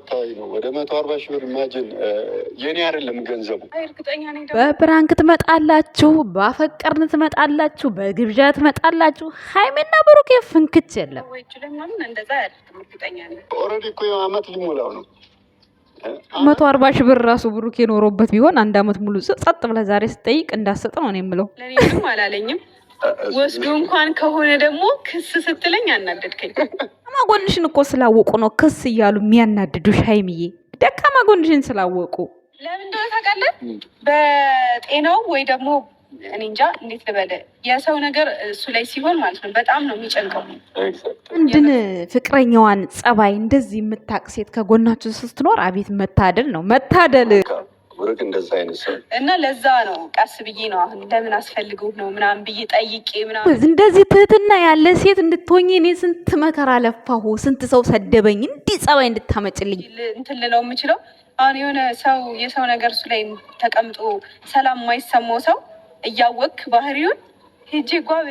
አካባቢ ነው። ወደ መቶ አርባ ሺህ ብር ማጅን የኔ አይደለም ገንዘቡ። በብራንክ ትመጣላችሁ፣ ባፈቀርን ትመጣላችሁ፣ በግብዣ ትመጣላችሁ። ሀይሜና ብሩኬ ፍንክች የለም። ኦልሬዲ እኮ አመት ሊሞላው ነው። መቶ አርባ ሺህ ብር ራሱ ብሩኬ ኖሮበት ቢሆን አንድ አመት ሙሉ ጸጥ ብለህ ዛሬ ስጠይቅ እንዳሰጥ ነው የምለው። አላለኝም ወስዶ እንኳን ከሆነ ደግሞ ክስ ስትለኝ አናደድከኝ። ጎንሽን እኮ ስላወቁ ነው ክስ እያሉ የሚያናድዱሽ ሀይሚዬ፣ ደካማ ጎንሽን ስላወቁ ለምን እንደሆነ ታውቃለህ? በጤናው ወይ ደግሞ እኔ እንጃ እንዴት ልበለ፣ የሰው ነገር እሱ ላይ ሲሆን ማለት ነው በጣም ነው የሚጨንቀው። እንድን ፍቅረኛዋን ጸባይ እንደዚህ የምታቅ ሴት ከጎናችሁ ስትኖር አቤት መታደል ነው መታደል። ብሩክ እንደዛ አይነት ሰው እና ለዛ ነው ቀስ ብዬ ነው አሁን ለምን አስፈልገው ነው ምናምን ብዬ ጠይቄ ምናምን እንደዚህ ትህትና ያለ ሴት እንድትሆኝ እኔ ስንት መከራ ለፋሁ። ስንት ሰው ሰደበኝ እንዲህ ጸባይ እንድታመጭልኝ እንትን ልለው የምችለው አሁን የሆነ ሰው የሰው ነገር እሱ ላይ ተቀምጦ ሰላም የማይሰማው ሰው እያወቅክ ባህሪውን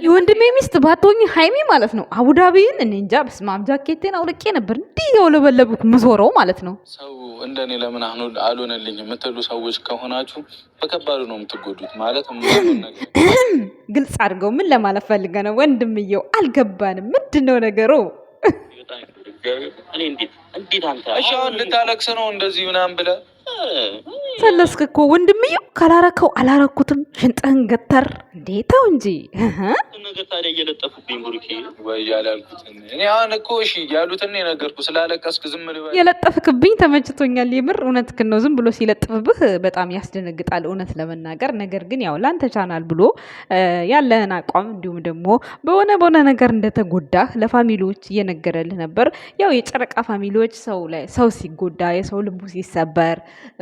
የወንድሜ ሚስት ባትሆኝ ሀይሜ ማለት ነው። አቡዳቢን እኔ እንጃ። በስመ አብ ጃኬቴን አውልቄ ነበር እንዲህ ያውለበለብኩ ምዞረው ማለት ነው። ሰው እንደኔ ለምን አሁኑ አልሆነልኝ የምትሉ ሰዎች ከሆናችሁ በከባዱ ነው የምትጎዱት። ማለት ግልጽ አድርገው ምን ለማለት ፈልገ ነው ወንድምየው? አልገባንም። ምንድን ነው ነገሩ? እሺ አሁን ልታለቅስ ነው እንደዚህ ምናምን ብለህ ፈለስክ እኮ ወንድምየው፣ ካላረከው አላረኩትም። ሽንጥህን ገተር እንዴ! ተው እንጂ ነገር ታዲያ እየለጠፉብኝ ዝም የለጠፍክብኝ ተመችቶኛል። የምር እውነትህን ነው። ዝም ብሎ ሲለጥፍብህ በጣም ያስደነግጣል፣ እውነት ለመናገር ነገር ግን ያው ላንተ ቻናል ብሎ ያለህን አቋም እንዲሁም ደግሞ በሆነ በሆነ ነገር እንደተጎዳህ ለፋሚሊዎች እየነገረልህ ነበር። ያው የጨረቃ ፋሚሊዎች ሰው ላይ ሰው ሲጎዳ የሰው ልቡ ሲሰበር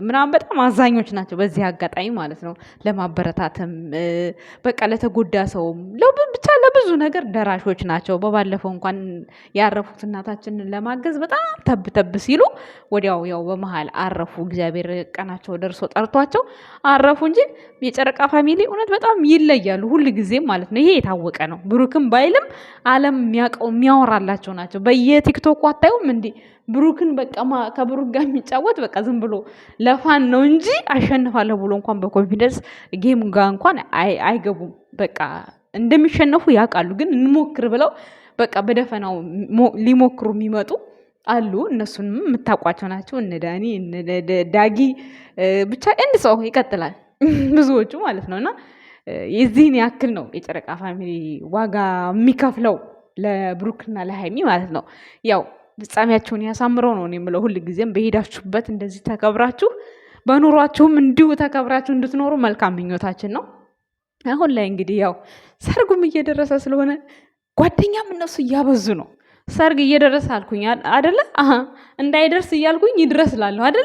ምናምን በጣም አዛኞች ናቸው። በዚህ አጋጣሚ ማለት ነው ለማበረታትም በቃ ለተጎዳ ሰውም ብቻ ለብዙ ነገር ደራሾች ናቸው። በባለፈው እንኳን ያረፉት እናታችንን ለማገዝ በጣም ተብ ተብ ሲሉ ወዲያው ያው በመሀል አረፉ። እግዚአብሔር ቀናቸው ደርሶ ጠርቷቸው አረፉ እንጂ የጨረቃ ፋሚሊ እውነት በጣም ይለያሉ ሁል ጊዜም ማለት ነው። ይሄ የታወቀ ነው። ብሩክም ባይልም ዓለም የሚያውቀው የሚያወራላቸው ናቸው። በየቲክቶኩ አታዩም እንዲህ ብሩክን በቃ ከብሩክ ጋር የሚጫወት በቃ ዝም ብሎ ለፋን ነው እንጂ አሸንፋለሁ ብሎ እንኳን በኮንፊደንስ ጌም ጋር እንኳን አይገቡም። በቃ እንደሚሸነፉ ያውቃሉ፣ ግን እንሞክር ብለው በቃ በደፈናው ሊሞክሩ የሚመጡ አሉ። እነሱንም የምታውቋቸው ናቸው። እነ ዳኒ ዳጊ ብቻ እንድ ሰው ይቀጥላል ብዙዎቹ ማለት ነው። እና የዚህን ያክል ነው የጨረቃ ፋሚሊ ዋጋ የሚከፍለው ለብሩክና ለሀይሚ ማለት ነው ያው ፍጻሜያቸውን ያሳምረው ነው የምለው። ሁል ጊዜም በሄዳችሁበት እንደዚህ ተከብራችሁ በኑሯችሁም እንዲሁ ተከብራችሁ እንድትኖሩ መልካም ምኞታችን ነው። አሁን ላይ እንግዲህ ያው ሰርጉም እየደረሰ ስለሆነ ጓደኛም እነሱ እያበዙ ነው። ሰርግ እየደረሰ አልኩኝ አደለ? እንዳይደርስ እያልኩኝ ይድረስ አደለ?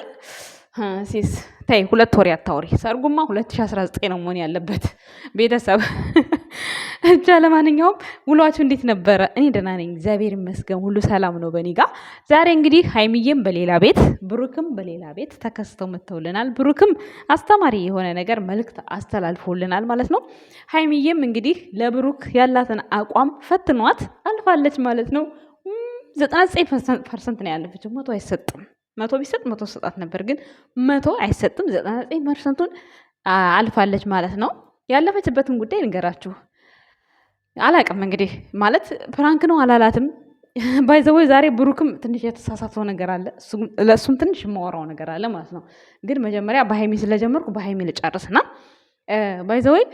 ሴስ ተይ ሁለት ወር ያታወሪ ሰርጉማ 2019 ነው መሆን ያለበት ቤተሰብ። እጃ ለማንኛውም ውሏችሁ እንዴት ነበረ? እኔ ደህና ነኝ እግዚአብሔር ይመስገን፣ ሁሉ ሰላም ነው በእኔ ጋር። ዛሬ እንግዲህ ሀይሚዬም በሌላ ቤት ብሩክም በሌላ ቤት ተከስተው መተውልናል ብሩክም አስተማሪ የሆነ ነገር መልእክት አስተላልፎልናል ማለት ነው። ሀይሚዬም እንግዲህ ለብሩክ ያላትን አቋም ፈትኗት አልፋለች ማለት ነው። 99 ፐርሰንት ነው ያለፈችው፣ መቶ አይሰጥም። መቶ ቢሰጥ መቶ ሰጣት ነበር፣ ግን መቶ አይሰጥም። ዘጠና ዘጠኝ ፐርሰንቱን አልፋለች ማለት ነው። ያለፈችበትን ጉዳይ ንገራችሁ አላቅም። እንግዲህ ማለት ፕራንክ ነው አላላትም። ባይዘወይ ዛሬ ብሩክም ትንሽ የተሳሳተው ነገር አለ፣ ለእሱም ትንሽ የማወራው ነገር አለ ማለት ነው። ግን መጀመሪያ በሀይሚ ስለጀመርኩ በሀይሚ ልጨርስና ባይዘወይ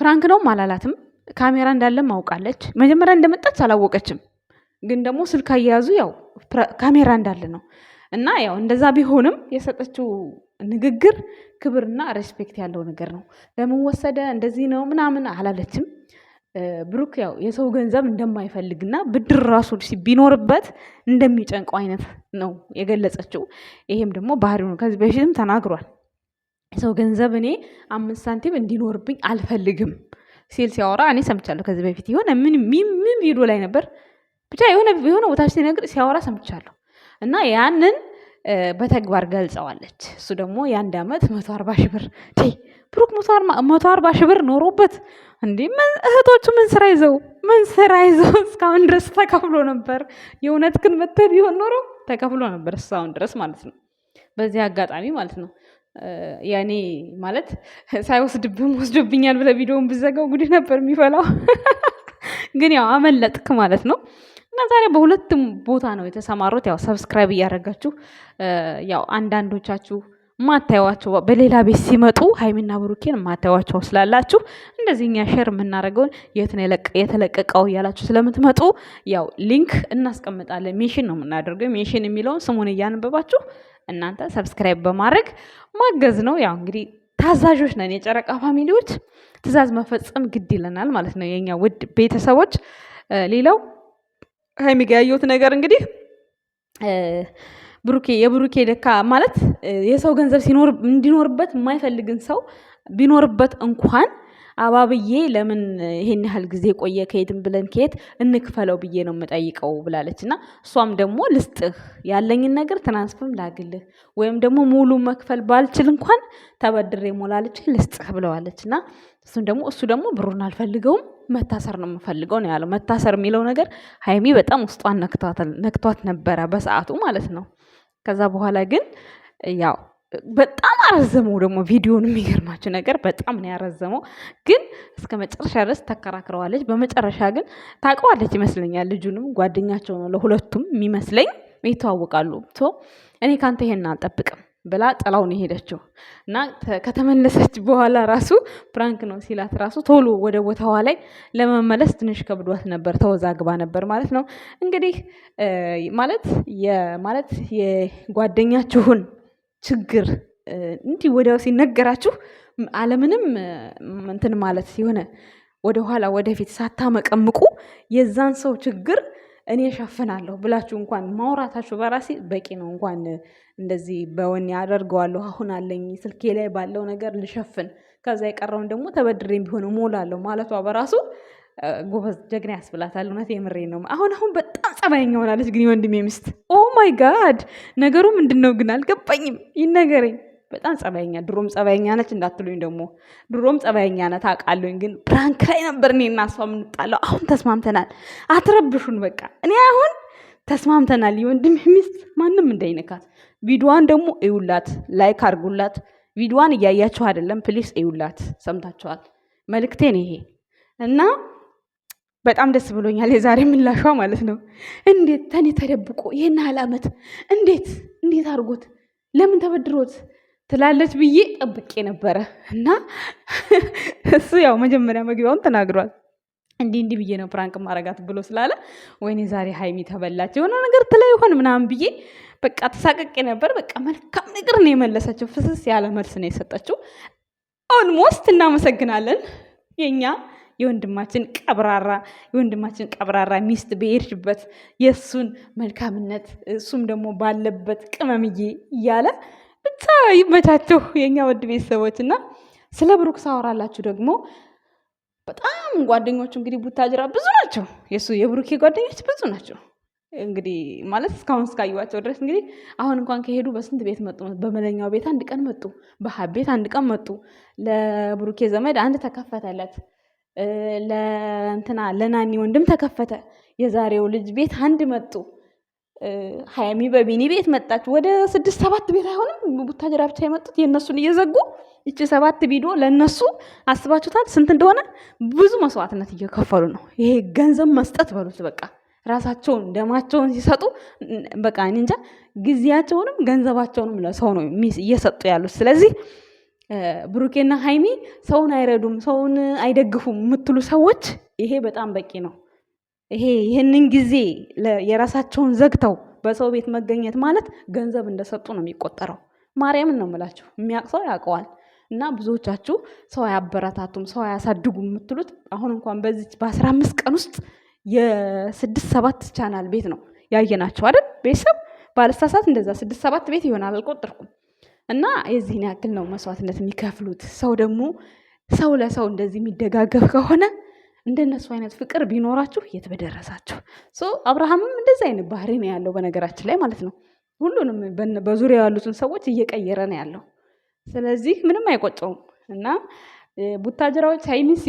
ፕራንክ ነውም አላላትም። ካሜራ እንዳለም አውቃለች። መጀመሪያ እንደመጣች አላወቀችም፣ ግን ደግሞ ስልክ አያያዙ ያው ካሜራ እንዳለ ነው። እና ያው እንደዛ ቢሆንም የሰጠችው ንግግር ክብርና ሬስፔክት ያለው ነገር ነው። ለምን ወሰደ እንደዚህ ነው ምናምን አላለችም። ብሩክ ያው የሰው ገንዘብ እንደማይፈልግና ብድር ራሱ ቢኖርበት እንደሚጨንቀው አይነት ነው የገለጸችው። ይሄም ደግሞ ባህሪው ነው። ከዚህ በፊትም ተናግሯል። የሰው ገንዘብ እኔ አምስት ሳንቲም እንዲኖርብኝ አልፈልግም ሲል ሲያወራ እኔ ሰምቻለሁ። ከዚህ በፊት የሆነ ምን ቪዲዮ ላይ ነበር ብቻ የሆነ ቦታ ሲነግር ሲያወራ ሰምቻለሁ። እና ያንን በተግባር ገልጸዋለች። እሱ ደግሞ የአንድ ዓመት መቶ አርባ ሺህ ብር ብሩክ መቶ አርባ ሺህ ብር ኖሮበት እንዲህ እህቶቹ ምን ስራ ይዘው ምን ስራ ይዘው እስካሁን ድረስ ተከፍሎ ነበር። የእውነት ግን መተ ቢሆን ኖሮ ተከፍሎ ነበር እስካሁን ድረስ ማለት ነው። በዚህ አጋጣሚ ማለት ነው ያኔ ማለት ሳይወስድብህም ወስዶብኛል ብለህ ቪዲዮውን ብዘጋው ጉድህ ነበር የሚፈላው። ግን ያው አመለጥክ ማለት ነው። ዛሬ በሁለቱም ቦታ ነው የተሰማሩት። ያው ሰብስክራይብ እያደረጋችሁ ያው አንዳንዶቻችሁ ማታዩዋቸው በሌላ ቤት ሲመጡ ሀይሚና ብሩኬን ማታዩዋቸው ስላላችሁ እንደዚህ እኛ ሼር የምናደርገውን የት ነው የተለቀቀው እያላችሁ ስለምትመጡ ያው ሊንክ እናስቀምጣለን። ሜሽን ነው የምናደርገው። ሜሽን የሚለውን ስሙን እያነበባችሁ እናንተ ሰብስክራይብ በማድረግ ማገዝ ነው። ያው እንግዲህ ታዛዦች ነን የጨረቃ ፋሚሊዎች፣ ትዕዛዝ መፈጸም ግድ ይለናል ማለት ነው የኛ ውድ ቤተሰቦች። ሌላው ሀይሚ ጋ ያየሁት ነገር እንግዲህ ብሩኬ የብሩኬ ደካ ማለት የሰው ገንዘብ ሲኖር እንዲኖርበት የማይፈልግን ሰው ቢኖርበት እንኳን አባብዬ ለምን ይሄን ያህል ጊዜ ቆየ ከየትም ብለን ከየት እንክፈለው ብዬ ነው የምጠይቀው ብላለች። እና እሷም ደግሞ ልስጥህ ያለኝን ነገር ትራንስፈርም ላግልህ ወይም ደግሞ ሙሉ መክፈል ባልችል እንኳን ተበድሬ ሞላለች ልስጥህ ብለዋለች። እና እሱም ደግሞ እሱ ደግሞ ብሩን አልፈልገውም መታሰር ነው የምፈልገው ነው ያለው። መታሰር የሚለው ነገር ሀይሚ በጣም ውስጧን ነክቷት ነበረ በሰዓቱ ማለት ነው። ከዛ በኋላ ግን ያው በጣም አረዘመው ደግሞ ቪዲዮን። የሚገርማችሁ ነገር በጣም ነው ያረዘመው፣ ግን እስከ መጨረሻ ድረስ ተከራክረዋለች። በመጨረሻ ግን ታውቀዋለች ይመስለኛል። ልጁንም ጓደኛቸው ነው ለሁለቱም የሚመስለኝ ይተዋወቃሉ። እኔ ካንተ ይሄን አልጠብቅም ብላ ጥላውን የሄደችው እና ከተመለሰች በኋላ ራሱ ፕራንክ ነው ሲላት ራሱ ቶሎ ወደ ቦታዋ ላይ ለመመለስ ትንሽ ከብዷት ነበር፣ ተወዛግባ ነበር ማለት ነው። እንግዲህ ማለት ማለት የጓደኛችሁን ችግር እንዲህ ወዲያው ሲነገራችሁ አለምንም እንትን ማለት የሆነ ወደኋላ ወደፊት ሳታመቀምቁ የዛን ሰው ችግር እኔ እሸፍናለሁ ብላችሁ እንኳን ማውራታችሁ በራሴ በቂ ነው። እንኳን እንደዚህ በወኔ አደርገዋለሁ አሁን አለኝ ስልኬ ላይ ባለው ነገር ልሸፍን፣ ከዛ የቀረውን ደግሞ ተበድሬም ቢሆን እሞላለሁ ማለቷ በራሱ ጎበዝ ጀግና ያስብላታል። እውነት የምሬ ነው። አሁን አሁን ጠባይኛ ሆናለች ግን የወንድሜ ሚስት። ኦ ማይ ጋድ! ነገሩ ምንድን ነው ግን አልገባኝም፣ ይነገረኝ። በጣም ጸባይኛ ድሮም ጸባይኛ ነች እንዳትሉኝ፣ ደግሞ ድሮም ጸባይኛ ነት አውቃለሁኝ። ግን ፕራንክ ላይ ነበር እኔ እና እሷ የምንጣለው። አሁን ተስማምተናል፣ አትረብሹን። በቃ እኔ አሁን ተስማምተናል፣ የወንድሜ ሚስት ማንም እንዳይነካት። ቪዲዋን ደግሞ እዩላት፣ ላይክ አርጉላት። ቪዲዋን እያያችሁ አይደለም ፕሊስ እዩላት። ሰምታችኋል፣ መልክቴን ይሄ እና በጣም ደስ ብሎኛል። የዛሬ ምላሿ ማለት ነው። እንዴት ተኔ ተደብቆ ይህን ያህል ዓመት እንዴት እንዴት አድርጎት ለምን ተበድሮት ትላለች ብዬ ጠብቄ ነበረ እና እሱ ያው መጀመሪያ መግቢያውን ተናግሯል። እንዲህ እንዲህ ብዬ ነው ፕራንክ ማረጋት ብሎ ስላለ ወይኔ ዛሬ ሀይሚ ተበላች የሆነ ነገር ትላይ ይሆን ምናምን ብዬ በቃ ተሳቀቄ ነበር። በቃ መልካም ነገር ነው የመለሰችው። ፍስስ ያለ መልስ ነው የሰጠችው። ኦልሞስት እናመሰግናለን የኛ የወንድማችን ቀብራራ የወንድማችን ቀብራራ ሚስት በሄድሽበት የእሱን መልካምነት እሱም ደግሞ ባለበት ቅመምዬ እያለ ብቻ ይመቻቸው የእኛ ወድ ቤተሰቦች እና ስለ ብሩክ ሳወራላችሁ ደግሞ በጣም ጓደኞቹ እንግዲህ ቡታጅራ ብዙ ናቸው። የእሱ የብሩኬ ጓደኞች ብዙ ናቸው። እንግዲህ ማለት እስካሁን እስካየዋቸው ድረስ እንግዲህ አሁን እንኳን ከሄዱ በስንት ቤት መጡ? በመለኛው ቤት አንድ ቀን መጡ፣ በሀብ ቤት አንድ ቀን መጡ። ለብሩኬ ዘመድ አንድ ተከፈተለት። ለእንትና ለናኒ ወንድም ተከፈተ። የዛሬው ልጅ ቤት አንድ መጡ። ሀያሚ በቢኒ ቤት መጣች። ወደ ስድስት ሰባት ቤት አይሆንም ቡታጀራ ብቻ የመጡት የእነሱን እየዘጉ ይቺ ሰባት ቪዲዮ ለእነሱ አስባችሁታል? ስንት እንደሆነ ብዙ መስዋዕትነት እየከፈሉ ነው። ይሄ ገንዘብ መስጠት በሉት በቃ ራሳቸውን ደማቸውን ሲሰጡ በቃ እኔ እንጃ ጊዜያቸውንም ገንዘባቸውንም ለሰው ነው እየሰጡ ያሉት። ስለዚህ ብሩኬና ሀይሚ ሰውን አይረዱም፣ ሰውን አይደግፉም የምትሉ ሰዎች ይሄ በጣም በቂ ነው። ይሄ ይህንን ጊዜ የራሳቸውን ዘግተው በሰው ቤት መገኘት ማለት ገንዘብ እንደሰጡ ነው የሚቆጠረው። ማርያምን ነው የምላችሁ፣ የሚያውቅ ሰው ያውቀዋል። እና ብዙዎቻችሁ ሰው አያበረታቱም፣ ሰው አያሳድጉም የምትሉት አሁን እንኳን በዚህ በአስራ አምስት ቀን ውስጥ የስድስት ሰባት ቻናል ቤት ነው ያየናቸው አይደል? ቤተሰብ ባለስታሳት እንደዛ ስድስት ሰባት ቤት ይሆናል አልቆጠርኩም። እና የዚህን ያክል ነው መስዋዕትነት የሚከፍሉት። ሰው ደግሞ ሰው ለሰው እንደዚህ የሚደጋገፍ ከሆነ እንደነሱ አይነት ፍቅር ቢኖራችሁ የት በደረሳችሁ። አብርሃምም እንደዚህ አይነት ባህሪ ነው ያለው በነገራችን ላይ ማለት ነው። ሁሉንም በዙሪያ ያሉትን ሰዎች እየቀየረ ነው ያለው። ስለዚህ ምንም አይቆጨውም እና ቡታጀራዎች ሳይንስ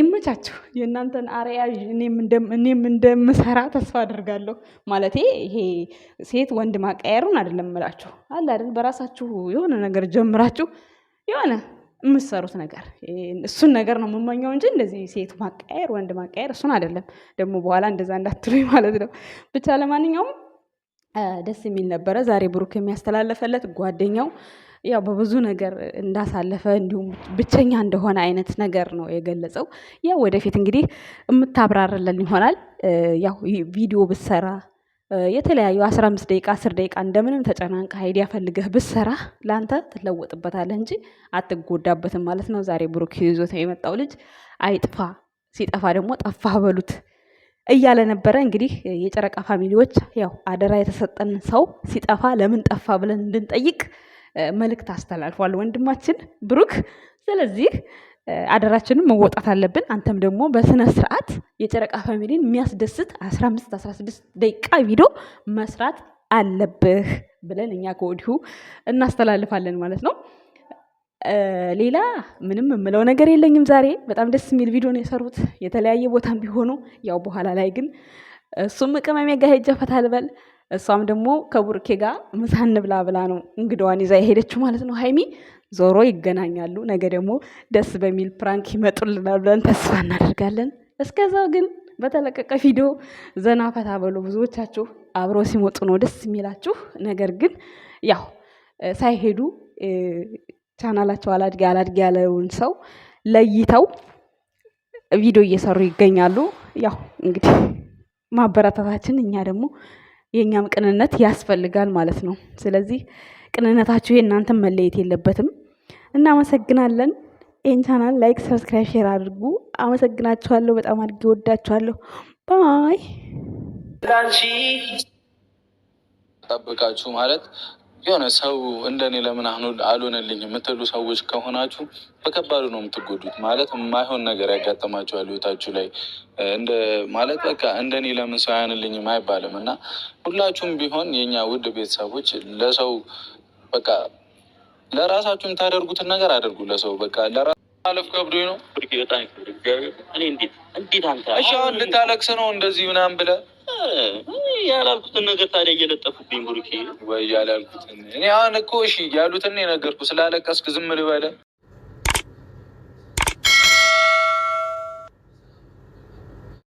ይመቻቸው። የእናንተን አርያ እኔም እንደምሰራ ተስፋ አድርጋለሁ ማለት ይሄ ሴት ወንድ ማቀየሩን አይደለም እምላችሁ አለ አይደል፣ በራሳችሁ የሆነ ነገር ጀምራችሁ የሆነ የምትሰሩት ነገር እሱን ነገር ነው የምመኘው እንጂ እንደዚህ ሴት ማቀየር ወንድ ማቀየር እሱን አይደለም። ደግሞ በኋላ እንደዛ እንዳትሉኝ ማለት ነው። ብቻ ለማንኛውም ደስ የሚል ነበረ ዛሬ ብሩክ የሚያስተላለፈለት ጓደኛው ያው በብዙ ነገር እንዳሳለፈ እንዲሁም ብቸኛ እንደሆነ አይነት ነገር ነው የገለጸው። ያው ወደፊት እንግዲህ የምታብራርለን ይሆናል። ያው ቪዲዮ ብሰራ የተለያዩ አስራ አምስት ደቂቃ አስር ደቂቃ እንደምንም ተጨናንቀ ሀይድ ያፈልገህ ብሰራ ለአንተ ትለወጥበታለህ እንጂ አትጎዳበትም ማለት ነው። ዛሬ ብሩክ ይዞት የመጣው ልጅ አይጥፋ፣ ሲጠፋ ደግሞ ጠፋ በሉት እያለ ነበረ። እንግዲህ የጨረቃ ፋሚሊዎች ያው አደራ የተሰጠን ሰው ሲጠፋ ለምን ጠፋ ብለን እንድንጠይቅ መልእክት አስተላልፏል ወንድማችን ብሩክ። ስለዚህ አደራችንን መወጣት አለብን። አንተም ደግሞ በስነ ስርዓት የጨረቃ ፋሚሊን የሚያስደስት 15 16 ደቂቃ ቪዲዮ መስራት አለብህ ብለን እኛ ከወዲሁ እናስተላልፋለን ማለት ነው። ሌላ ምንም የምለው ነገር የለኝም። ዛሬ በጣም ደስ የሚል ቪዲዮ ነው የሰሩት የተለያየ ቦታም ቢሆኑ ያው በኋላ ላይ ግን እሱም ቅመሜ ጋር ሄጄ ፈታ ልበል እሷም ደግሞ ከቡርኬ ጋር ምሳ እንብላ ብላ ነው እንግዳዋን ይዛ የሄደችው ማለት ነው ሀይሚ። ዞሮ ይገናኛሉ። ነገ ደግሞ ደስ በሚል ፕራንክ ይመጡልናል ብለን ተስፋ እናደርጋለን። እስከዛው ግን በተለቀቀ ቪዲዮ ዘና ፈታ በሉ። ብዙዎቻችሁ አብሮ ሲመጡ ነው ደስ የሚላችሁ። ነገር ግን ያው ሳይሄዱ ቻናላቸው አላድጌ አላድጌ ያለውን ሰው ለይተው ቪዲዮ እየሰሩ ይገኛሉ። ያው እንግዲህ ማበረታታችን እኛ ደግሞ የእኛም ቅንነት ያስፈልጋል ማለት ነው። ስለዚህ ቅንነታችሁ የእናንተን መለየት የለበትም። እናመሰግናለን። ይህን ቻናል ላይክ፣ ሰብስክራይብ፣ ሼር አድርጉ። አመሰግናችኋለሁ። በጣም አድርጌ ወዳችኋለሁ። ባይ ጠብቃችሁ ማለት የሆነ ሰው እንደኔ ለምን አልሆነልኝ የምትሉ ሰዎች ከሆናችሁ በከባዱ ነው የምትጎዱት። ማለት የማይሆን ነገር ያጋጠማችኋል ህይወታችሁ ላይ ማለት በቃ እንደኔ ለምን ሰው አይሆንልኝም አይባልም እና ሁላችሁም ቢሆን የኛ ውድ ቤተሰቦች ለሰው በቃ ለራሳችሁ የምታደርጉትን ነገር አድርጉ። ለሰው በቃ ለራሳለፍ ከብዶኝ ነው። እሺ አሁን ልታለቅስ ነው እንደዚህ ምናምን ብለህ ያላልኩትን ነገር ታዲያ እየለጠፉብኝ ቡርኬ ወይ ያላልኩትን እኔ አሁን እኮ እሺ ያሉትን የነገርኩ ስላለቀስክ ዝም ልበለ